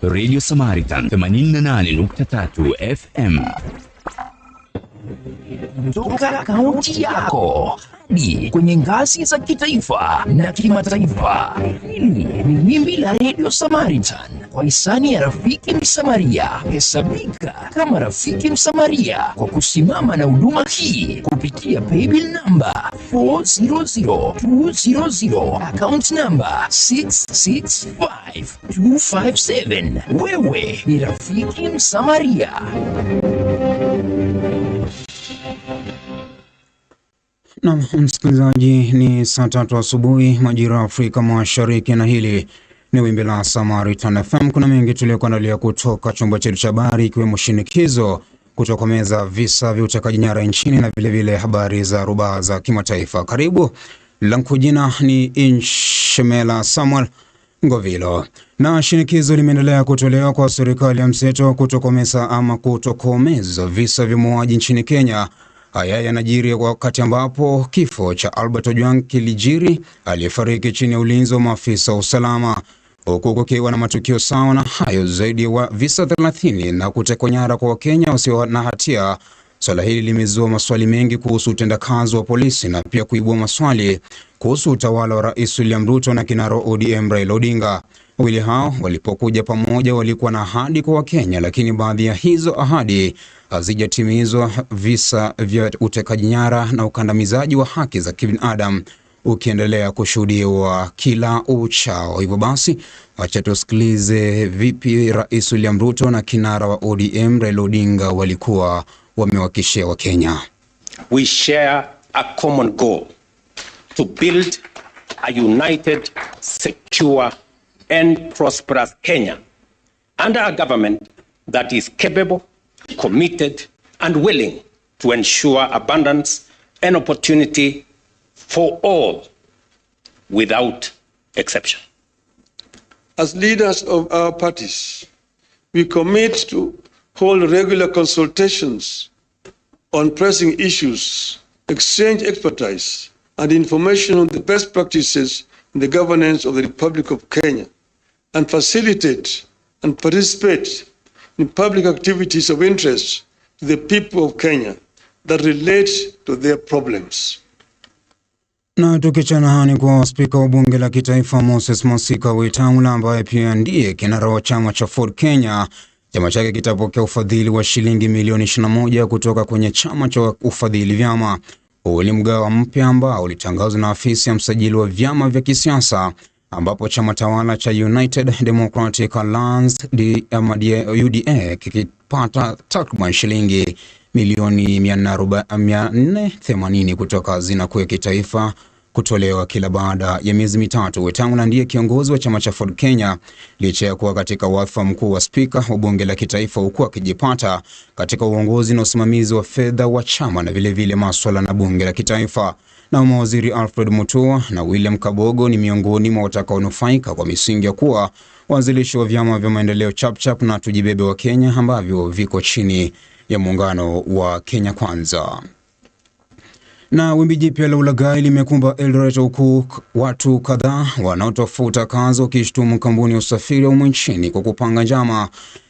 Radio Samaritan 88.3 FM kutoka kaunti yako hadi kwenye ngazi za kitaifa na kimataifa. Hili ni wimbi la Radio Samaritan kwa hisani ya Rafiki Msamaria. Hesabika kama Rafiki Msamaria kwa kusimama na huduma hii kupitia paybill namba 400200 account namba 665257. Wewe ni Rafiki Msamaria. Nam msikilizaji, ni saa tatu asubuhi majira ya Afrika Mashariki, na hili ni wimbi la Samaritan FM. Kuna mengi tuliyokuandalia kutoka chumba chetu cha habari, ikiwemo shinikizo kutokomeza visa vya utekaji nyara nchini na vilevile habari za rubaa za kimataifa. Karibu, langu jina ni Inshemela Samuel Ngovilo. Na shinikizo limeendelea kutolewa kwa serikali ya mseto kutokomeza ama kutokomeza visa vya mauaji nchini Kenya Haya yanajiri wakati ambapo kifo cha Albert Ojwang kilijiri aliyefariki chini ya ulinzi wa maafisa wa usalama, huku kukiwa na matukio sawa na hayo zaidi ya visa 30 na kutekwa nyara kwa Wakenya wasio na hatia. Swala hili limezua maswali mengi kuhusu utendakazi wa polisi na pia kuibua maswali kuhusu utawala wa Rais William Ruto na kinara ODM Raila Odinga. Wawili hao walipokuja pamoja walikuwa na ahadi kwa Wakenya, lakini baadhi ya hizo ahadi hazijatimizwa, visa vya utekaji nyara na ukandamizaji wa haki za kibinadamu ukiendelea kushuhudiwa kila uchao. Hivyo basi, wacha tusikilize vipi Rais William Ruto na kinara wa ODM Raila Odinga walikuwa wamewakishia Wakenya. We share a common goal to build a united secure and prosperous Kenya under a government that is capable, committed, and willing to ensure abundance and opportunity for all without exception. As leaders of our parties, we commit to hold regular consultations on pressing issues, exchange expertise and information on the best practices in the governance of the Republic of Kenya and facilitate and participate in public activities of interest to the people of Kenya that relate to their problems. Na tukichana hani kwa spika wa bunge la kitaifa Moses Masika Wetangula, ambaye pia ndiye kinara wa chama cha Ford Kenya. Chama chake kitapokea ufadhili wa shilingi milioni 21 kutoka kwenye chama cha ufadhili vyama huu ni mgao mpya ambao ulitangazwa na afisi ya msajili wa vyama vya kisiasa ambapo chama tawala cha United Democratic Alliance UDA eh, eh, kikipata takriban shilingi milioni 480 kutoka hazina kuu ya kitaifa kutolewa kila baada ya miezi mitatu. Wetang'ula ndiye kiongozi wa chama cha Ford Kenya licha ya kuwa katika wadhifa mkuu wa spika wa bunge la kitaifa, huku akijipata katika uongozi na usimamizi wa fedha wa chama na vilevile masuala na bunge la kitaifa. Na mawaziri Alfred Mutua na William Kabogo ni miongoni mwa watakaonufaika kwa misingi ya kuwa waanzilishi wa vyama vya maendeleo Chapchap na Tujibebe wa Kenya ambavyo viko chini ya muungano wa Kenya Kwanza. Na wimbi jipya la ulaghai limekumba Eldoret huku watu kadhaa wanaotafuta kazi wakishtumu kampuni ya usafiri wa nchini kwa kupanga njama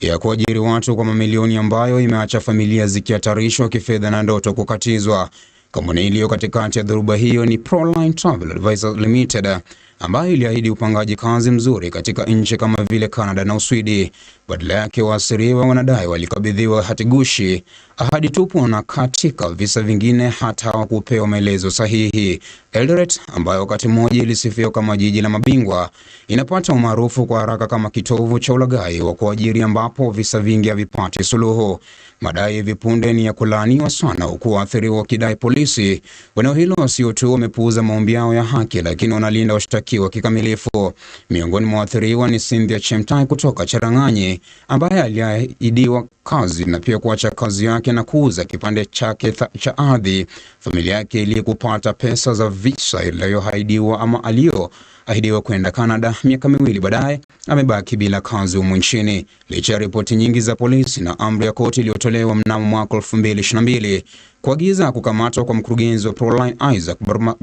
ya kuajiri watu kwa mamilioni ambayo imeacha familia zikihatarishwa kifedha na ndoto kukatizwa. Kampuni iliyo katikati ya dhoruba hiyo ni Proline Travel Advisors Limited ambayo iliahidi upangaji kazi mzuri katika nchi kama vile Canada na Uswidi. Badala yake waasiriwa wanadai walikabidhiwa hati gushi, ahadi tupu, na katika visa vingine hata hawakupewa maelezo sahihi. Eldoret ambayo wakati mmoja ilisifiwa kama jiji la mabingwa, inapata umaarufu kwa haraka kama kitovu cha ulaghai wa kuajiri, ambapo visa vingi havipati suluhu. Madai vipunde ni ya kulaaniwa sana, huku waathiriwa wakidai polisi eneo hilo sio tu wamepuuza maombi yao ya haki, lakini wanalinda washtakiwa kikamilifu. Miongoni mwa waathiriwa ni Cynthia Chemtai kutoka Cherang'anyi ambaye aliahidiwa kazi na pia kuacha kazi yake na kuuza kipande chake cha ardhi familia yake ili kupata pesa za visa iliyohaidiwa ama aliyo ahidiwa kwenda Canada miaka miwili baadaye, amebaki bila kazi humu nchini licha ya ripoti nyingi za polisi na amri ya koti iliyotolewa mnamo mwaka 2022 kuagiza kukamatwa kwa mkurugenzi wa Proline Isaac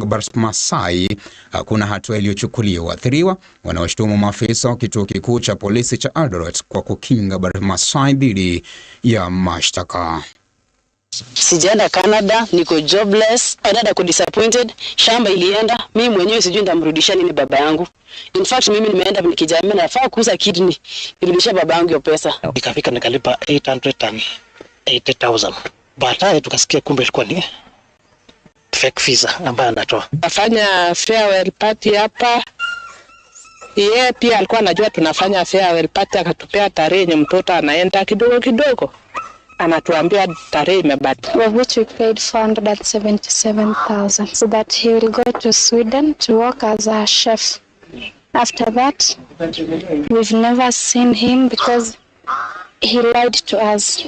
Barmasai. Hakuna hatua iliyochukuliwa. Waathiriwa wanaoshtumu maafisa wa kituo kikuu cha polisi cha Eldoret kwa kukinga Barmasai dhidi ya mashtaka. Sijaenda Canada, niko jobless, dada ko disappointed, shamba ilienda, mi mwenyewe sijui nitamrudisha nini baba yangu. In fact mimi nimeenda nikijamii nafaa kuuza kidney, nirudishe baba yangu hiyo pesa. Nikafika nikalipa 880,000. Baadaye tukasikia kumbe ilikuwa ni fake visa ambayo anatoa. Nafanya farewell party hapa. Yeye pia alikuwa anajua tunafanya farewell party akatupea tarehe yenye mtoto anaenda kidogo kidogo anatuambia tarehe imebaki. Of which we paid 477,000 so that he will go to Sweden to work as a chef. After that, we've never seen him because he lied to us.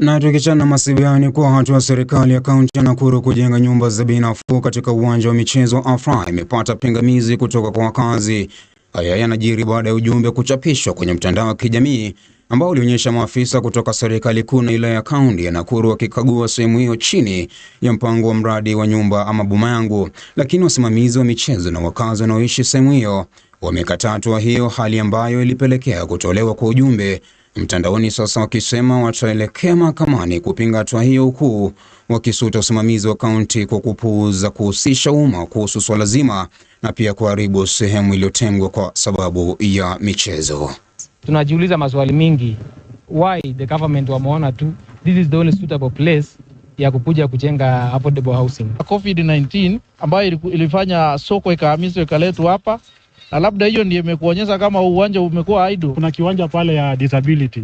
Na tukichana masibu yao ni kuwa hatua ya serikali ya kaunti ya Nakuru kujenga nyumba za bei nafuu katika uwanja wa michezo Afra imepata pingamizi kutoka kwa wakazi. Haya yanajiri baada ya ujumbe kuchapishwa kwenye mtandao wa kijamii ambao ulionyesha maafisa kutoka serikali kuu na ile ya kaunti ya Nakuru wakikagua sehemu hiyo chini ya mpango wa mradi wa nyumba ama boma yangu, lakini wasimamizi wa michezo na wakazi wanaoishi sehemu hiyo wamekataa hatua hiyo, hali ambayo ilipelekea kutolewa kwa ujumbe mtandaoni sasa wakisema wataelekea mahakamani kupinga hatua hiyo, huku wakisuta usimamizi wa kaunti kwa kupuuza kuhusisha umma kuhusu swala zima na pia kuharibu sehemu iliyotengwa kwa sababu ya michezo tunajiuliza maswali mingi. Why the government wameona tu this is the only suitable place ya kukuja kujenga affordable housing. COVID-19 ambayo ilifanya soko ikahamishwa ikaletwa hapa, na labda hiyo ndiyo imekuonyesha kama uwanja umekuwa idle. Kuna kiwanja pale ya disability,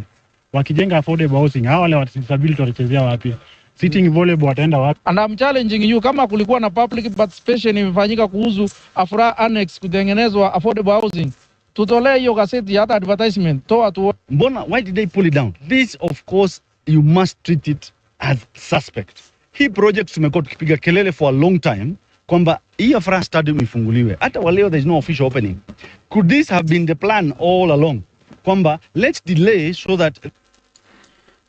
wakijenga affordable housing hao wale wa disability watachezea wapi? Sitting volleyball wataenda wapi? And I'm challenging you kama kulikuwa na public participation imefanyika kuhusu Afra Annex kutengenezwa affordable housing tutolee hiyo gazeti hata advertisement, toa tu. Mbona, why did they pull it down? This of course you must treat it as suspect. Hii project tumekuwa tukipiga kelele for a long time kwamba hii Afraha Stadium ifunguliwe, hata waleo there is no official opening. Could this have been the plan all along kwamba let's delay so that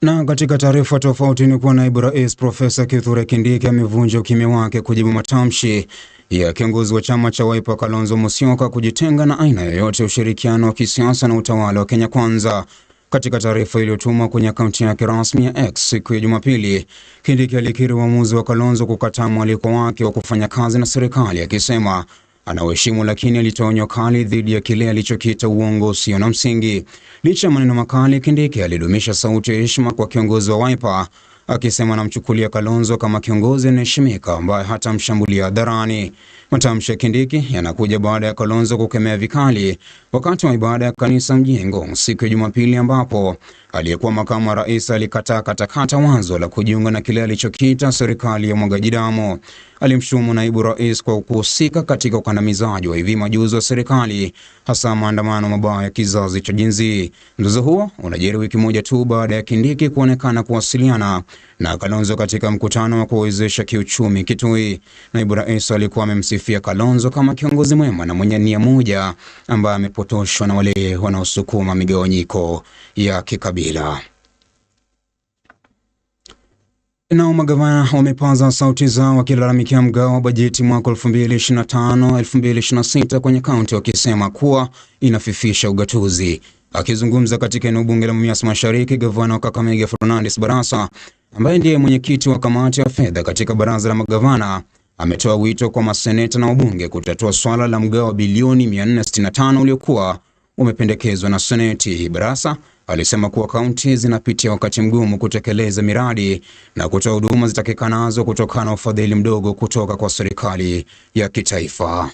na katika taarifa tofauti ni kuwa naibu rais Profesa Kithure Kindiki amevunja ukimya wake kujibu matamshi ya kiongozi wa chama cha Wiper Kalonzo Musyoka kujitenga na aina yoyote ya ushirikiano wa kisiasa na utawala wa Kenya Kwanza. Katika taarifa iliyotumwa kwenye akaunti yake rasmi ya X siku ya Jumapili, Kindiki alikiri uamuzi wa Kalonzo kukataa mwaliko wake wa kufanya kazi na serikali akisema anaheshimu lakini alitoa onyo kali dhidi ya kile alichokiita uongo usio na msingi. Licha ya maneno makali, Kindiki alidumisha sauti ya heshima kwa kiongozi wa Wiper akisema anamchukulia Kalonzo kama kiongozi anaheshimika ambaye hatamshambulia hadharani. Matamshi ya Kindiki yanakuja baada ya Kalonzo kukemea vikali wakati wa ibada ya kanisa Mjengo siku ya Jumapili, ambapo aliyekuwa makamu wa rais alikataa katakata wazo la kujiunga na kile alichokiita serikali ya mwagaji damu. Alimshumu naibu rais kwa kuhusika katika ukandamizaji wa hivi majuzi wa serikali, hasa maandamano mabaya ya kizazi cha jinzi. Mzozo huo unajiri wiki moja tu baada ya Kindiki kuonekana kuwasiliana na Kalonzo katika mkutano wa kuwezesha kiuchumi Kitui. Naibu rais alikuwa amemsifia Kalonzo kama kiongozi mwema na mwenye nia moja ambaye amepotoshwa na wale wanaosukuma migawanyiko ya kikabila. Nao magavana wamepaza sauti zao wakilalamikia mgao wa bajeti mwaka 2025 2026 kwenye kaunti wakisema kuwa inafifisha ugatuzi. Akizungumza katika eneo bunge la Mumias Mashariki, gavana wa Kakamega Fernandes Barasa ambaye ndiye mwenyekiti wa kamati ya fedha katika baraza la magavana ametoa wito kwa maseneta na wabunge kutatua swala la mgao wa bilioni 465 uliokuwa umependekezwa na seneti. Barasa alisema kuwa kaunti zinapitia wakati mgumu kutekeleza miradi na kutoa huduma zitakikanazo kutokana na ufadhili mdogo kutoka kwa serikali ya kitaifa.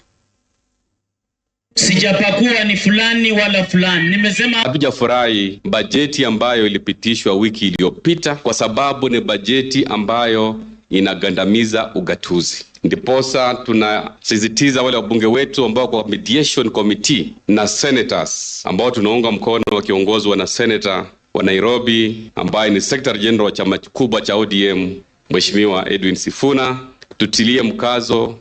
Sijapakuwa ni fulani wala fulani, nimesema hatujafurahi bajeti ambayo ilipitishwa wiki iliyopita, kwa sababu ni bajeti ambayo inagandamiza ugatuzi. Ndiposa tunasisitiza wale wabunge wetu ambao kwa mediation committee na senators ambao tunaunga mkono wakiongozwa na senata wa Nairobi ambaye ni secretary general wa chama kikubwa cha ODM Mheshimiwa Edwin Sifuna, tutilie mkazo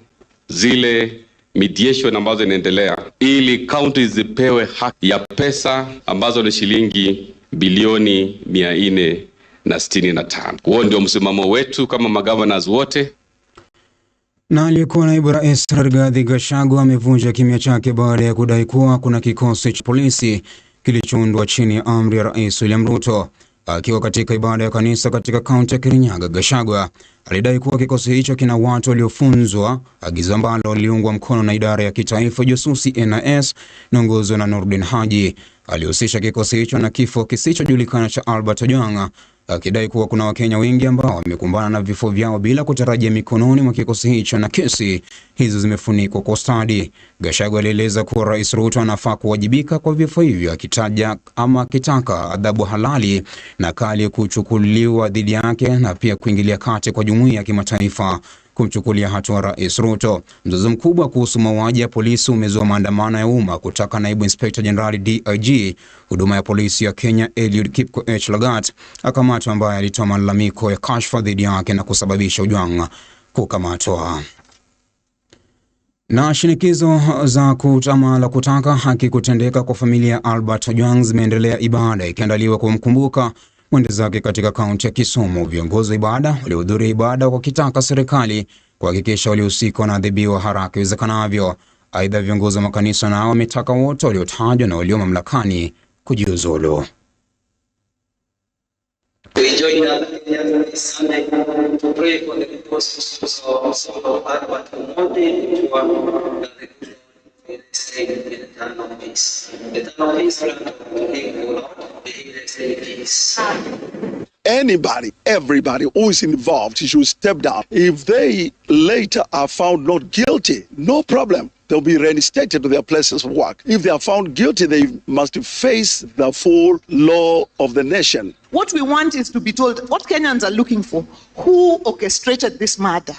zile mediation ambazo inaendelea ili kaunti zipewe haki ya pesa ambazo ni shilingi bilioni mia na tano. Huo ndio msimamo wetu kama magavanaz wote. Na aliyekuwa naibu rais Rigathi Gachagua amevunja kimya chake baada ya kudai kuwa kuna kikosi cha polisi kilichoundwa chini ya amri ya rais William Ruto. Akiwa katika ibada ya kanisa katika kaunti ya Kirinyaga, Gachagua alidai kuwa kikosi hicho kina watu waliofunzwa, agizo ambalo liliungwa mkono na idara ya kitaifa jasusi NIS inaongozwa na Nurdin Haji. Alihusisha kikosi hicho na kifo kisichojulikana cha Albert Ojwang'a akidai kuwa kuna Wakenya wengi ambao wamekumbana na vifo vyao bila kutarajia mikononi mwa kikosi hicho na kesi hizo zimefunikwa kwa ustadi. Gachagua alieleza kuwa Rais Ruto anafaa kuwajibika kwa vifo hivyo, akitaja ama akitaka adhabu halali na kali kuchukuliwa dhidi yake na pia kuingilia kati kwa jumuiya ya kimataifa kumchukulia hatua Rais Ruto. Mzozo mkubwa kuhusu mauaji ya polisi umezua maandamano ya umma kutaka naibu inspekta jenerali DIG huduma ya polisi ya Kenya Eliud Kipkoech eh, Lagat akamatwa, ambaye alitoa malalamiko ya kashfa dhidi yake na kusababisha Ojwang kukamatwa na shinikizo za kutama la kutaka haki kutendeka kwa familia Albert Ojwang zimeendelea, ibada ikiandaliwa kumkumbuka Mwende zake katika kaunti ya Kisumu, viongozi wa ibada walihudhuria ibada wakitaka serikali kuhakikisha waliohusika wanaadhibiwa haraka iwezekanavyo. Aidha, viongozi wa makanisa nao wametaka wote waliotajwa na walio mamlakani kujiuzulu. eternal peace. Eternal peace to Him, Lord, the peace. Anybody, everybody who is involved should step down. If they later are found not guilty, no problem. They'll be reinstated to their places of work. If they are found guilty, they must face the full law of the nation. What we want is to be told what Kenyans are looking for. Who orchestrated this murder?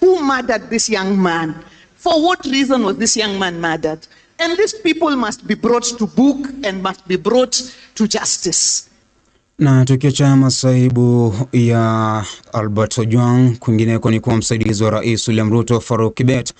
Who murdered this young man? For what reason was this young man murdered? And these people must be brought to book and must be brought to justice. Na tukiachana masaibu ya Albert Ojwang, kwingineko ni kuwa msaidizi wa rais William Ruto Faruk Kibet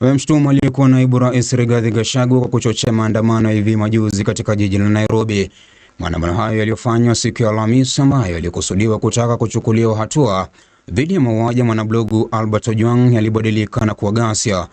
amemshutumu aliyekuwa naibu rais Rigathi Gachagua kwa kuchochea maandamano hivi majuzi katika jiji la Nairobi. Maandamano hayo yaliyofanywa siku ya Alhamisi ambayo yalikusudiwa kutaka kuchukuliwa hatua dhidi ya mauaji ya mwanablogu Albert Ojwang yalibadilika na kuwa ghasia.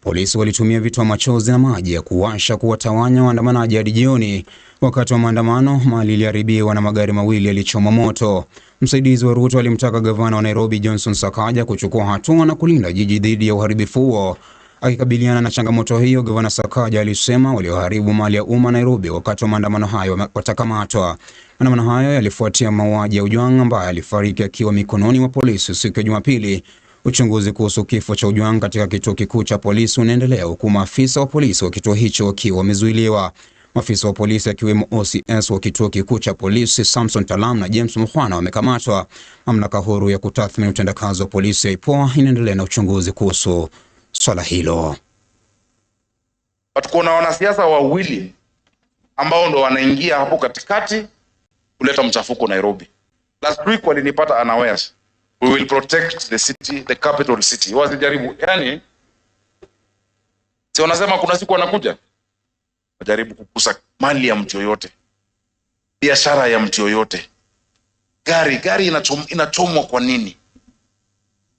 Polisi walitumia vitoa machozi na maji ya kuwasha kuwatawanya waandamanaji hadi jioni. Wakati wa maandamano, mali iliharibiwa na magari mawili yalichoma moto. Msaidizi wa Ruto alimtaka gavana wa Nairobi Johnson Sakaja kuchukua hatua na kulinda jiji dhidi ya uharibifu huo. Akikabiliana na changamoto hiyo, Gavana Sakaja alisema walioharibu mali ya umma Nairobi wakati wa maandamano hayo watakamatwa. Maandamano hayo yalifuatia mauaji ya ujwang ambaye alifariki akiwa mikononi mwa polisi siku ya Jumapili. Uchunguzi kuhusu kifo cha ujwang katika kituo kikuu cha polisi unaendelea huku maafisa wa polisi wa kituo hicho wakiwa wamezuiliwa. Maafisa wa polisi akiwemo OCS wa kituo kikuu cha polisi Samson Talam na James Mukhwana wamekamatwa. Mamlaka huru ya kutathmini utendakazi wa polisi ya IPOA inaendelea na uchunguzi kuhusu swala hilo. Tuko na wanasiasa wawili ambao ndo wanaingia hapo katikati kuleta mchafuko Nairobi. Last week walinipata unawares. We will protect the city, the capital city. Wasijaribu yani, si wanasema kuna siku wanakuja wajaribu kukusa mali ya mtu yoyote, biashara ya mtu yoyote, gari gari inachomwa kwa nini?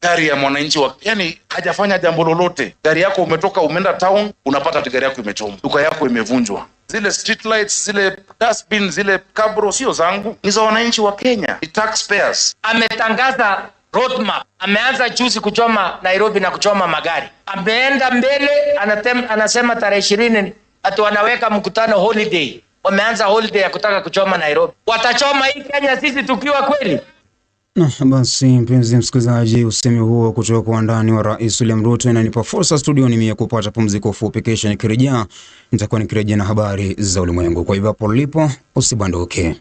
gari ya mwananchi wa yani, hajafanya jambo lolote. Gari yako umetoka umeenda town, unapata gari yako imechoma, duka yako imevunjwa. Zile street lights, zile dustbin, zile kabro sio zangu, ni za wananchi wa Kenya, ni taxpayers. Ametangaza roadmap, ameanza juzi kuchoma Nairobi na kuchoma magari, ameenda mbele anatem, anasema tarehe ishirini ati wanaweka mkutano holiday, wameanza holiday ya kutaka kuchoma Nairobi. Watachoma hii Kenya sisi tukiwa kweli na basi mpenzi msikilizaji, usemi huo kutoka kwa ndani wa Rais William Ruto inanipa fursa studioni mie kupata pumziko fupi. Kesho nikirejea, nitakuwa nikirejea na habari za ulimwengu. Kwa hivyo hapo ulipo usibanduke.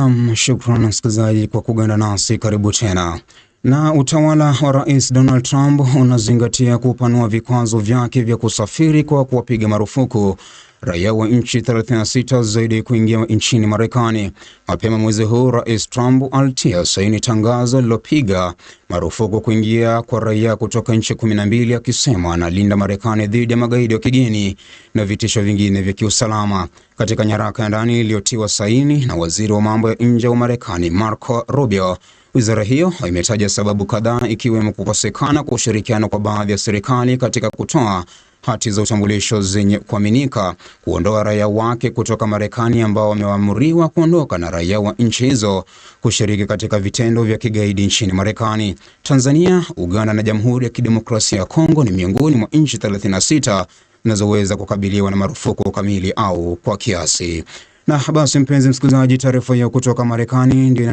Nam, shukran msikilizaji kwa kuganda nasi, karibu tena. Na utawala wa Rais Donald Trump unazingatia kupanua vikwazo vyake vya kusafiri kwa kuwapiga marufuku raia wa nchi 36 zaidi kuingia nchini Marekani. Mapema mwezi huu, Rais Trump alitia saini tangazo lilopiga marufuku kuingia kwa raia kutoka nchi 12 akisema analinda Marekani dhidi ya magaidi wa kigeni na vitisho vingine vya kiusalama. Katika nyaraka ya ndani iliyotiwa saini na waziri wa mambo ya nje wa Marekani Marco Rubio, wizara hiyo imetaja sababu kadhaa ikiwemo kukosekana kwa ushirikiano kwa baadhi ya serikali katika kutoa hati za utambulisho zenye kuaminika kuondoa raia wake kutoka Marekani ambao wameamriwa kuondoka na raia wa nchi hizo kushiriki katika vitendo vya kigaidi nchini Marekani. Tanzania, Uganda na Jamhuri ya Kidemokrasia ya Kongo ni miongoni mwa nchi 36 zinazoweza kukabiliwa na marufuku kamili au kwa kiasi. Na basi mpenzi msikilizaji, taarifa hiyo kutoka Marekani ndio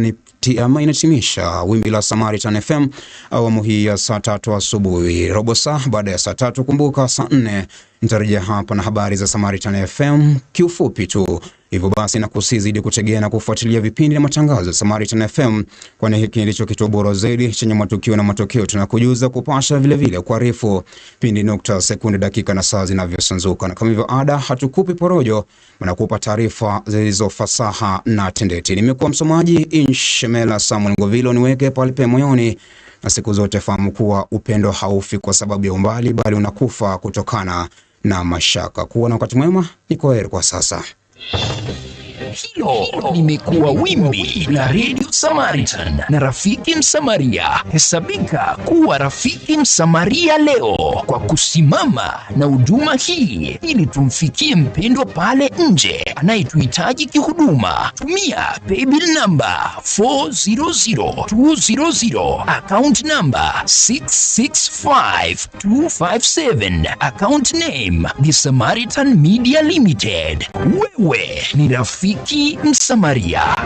wakati ama inatimisha wimbi la Samaritan FM awamu hii ya saa tatu asubuhi, robo saa baada ya saa tatu. Kumbuka saa nne Nitarejea hapa na habari za Samaritan FM kiufupi tu. Hivyo basi nakusihi zidi kutegea na kufuatilia vipindi na matangazo ya Samaritan FM, kwani hiki ndicho kituo bora zaidi chenye matukio na matokeo. Tunakujuza kupasha vilevile kuarifu pindi, nukta, sekunde, dakika na saa zinavyosanzuka, na kama hivyo ada, hatukupi porojo, nakupa taarifa zilizo fasaha na tendeti. Nimekuwa msomaji Inshemela Samuel Ngovilo, niweke palipe moyoni na siku zote fahamu kuwa upendo haufi kwa sababu ya umbali, bali unakufa kutokana na mashaka. Kuwa na wakati mwema, ni kwaheri kwa sasa. Hilo limekuwa wimbi la Radio Samaritan na Rafiki Msamaria. Hesabika kuwa Rafiki Msamaria leo kwa kusimama na huduma hii, ili tumfikie mpendwa pale nje anayetuhitaji kihuduma. Tumia paybill namba 400200, account namba 665257, account name The Samaritan Media Limited. Wewe ni rafiki rafiki Samaria.